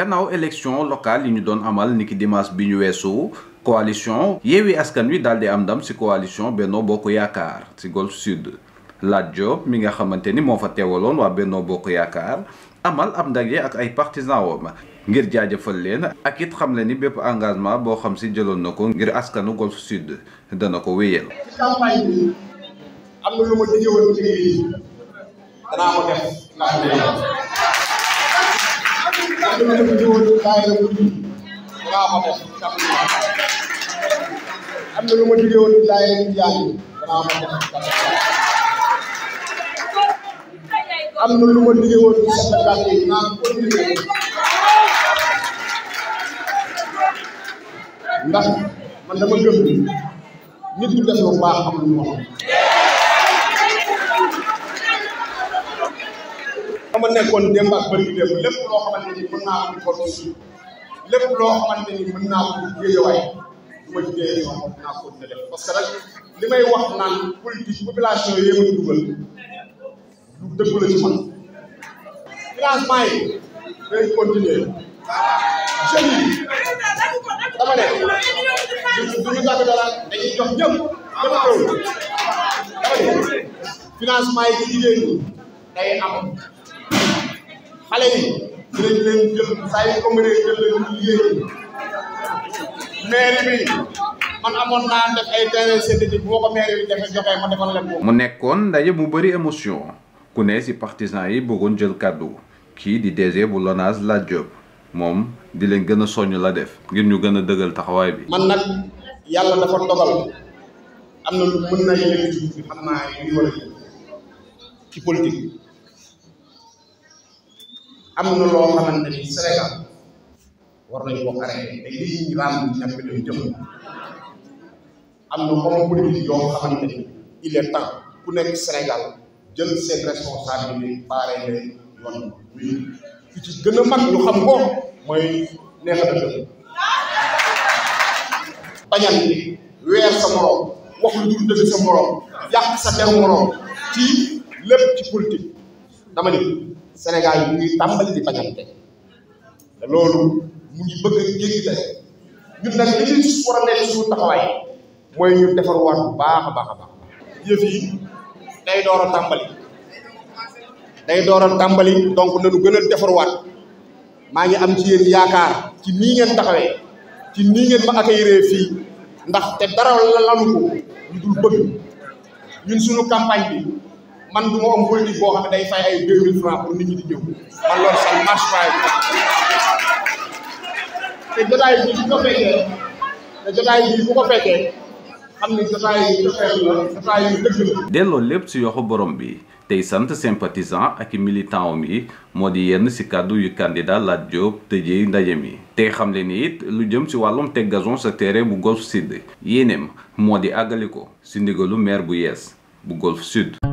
gannaaw élection locale yi ñu doon amal niki dimanche bi ñu weesu coalition Yewwi Askan Wi daal di am ndam ci coalition Benno Bokk Yaakaar ci Golf Sud Lat Diop mi nga xamante ni moo fa teewaloon waa Benno Bokk Yaakaar amal ab ndaje ak ay partisans woom ngir jaajëfal leen ak it xam le ni bépp engagement boo xam ci jëloon na ko ngir askanu Golf Sud dana ko wéyal. campagne bi ko def kàddu gi dafa jiwoon bàyyi la ko dund danaa ko def am na lu ma jógee woon laay jaay danaa ko def am na lu ma jógee woon seen kàddu yi naa ko continuer ndax man dama gëm nit ñi def lu baax am lu mu wax ma nekkoon démb ak bëri démb lépp loo ni mën naa ko di ko doon lépp loo xamante ni mën naa ko di géejawaay du ma ci géej ñoom mën naa ko di def parce que li may wax naan politique population yi ma dugal lu dëgg la ci man financement yi day continuer jeunes yi dama ne duñu gàtt dara dañuy jox xale yi mairie bi man amoon naa def ay terrain synthétique boo ko mairie bi defee joxe ma defal leen mu nekkoon ndaje mu bari émotion ku ne ci partisan yi bëggoon jël kàddu kii di DG bu LONASE Lat Diop moom di leen gën a soññ la def ngir ñu gën a dëggal taxawaay bi. man nag yàlla dafa dogal am na lu na yëngu ci ci politique. am na loo xamante Sénégal war nañu ko arrêté te lii ñu daan ñàkk a jëm am na homme politique yoo xamante il est temps ku nekk Sénégal jël seen responsabilité baare leen yoon bi gën a mag ñu xam ko mooy neex a dëgg bañan bi weer sa morom wax lu dul dëgg sa morom yàq sa der ci lépp ci politique ni. Sénégal yi ñuy tàmbali di fajante te loolu mu ngi bëgg a jéggi tey ñun nag li ñu a nekk suñu taxawaay mooy ñu defarwaat bu baax a baax a baax yëf yi day door a tàmbali day door a tàmbali donc nañu gën a defarwaat maa ngi am ci yéen yaakaar ci nii ngeen taxawee ci nii ngeen ma accueillir fii ndax te dara la lanu ko ñu dul bëgg ñun suñu campagne bi man du ma delloo lépp ci yoxu borom bi tey sant sympathisant ak militant yi moo di yenn ci kàddu yu candidat Lat te tëjee ndaje mi tey xam leen ni it lu jëm ci wàllum teg gazon sa terrain bu Golf Sud yéeneem moo di àggali ko ci ndigalu maire bu yees bu Golf Sud.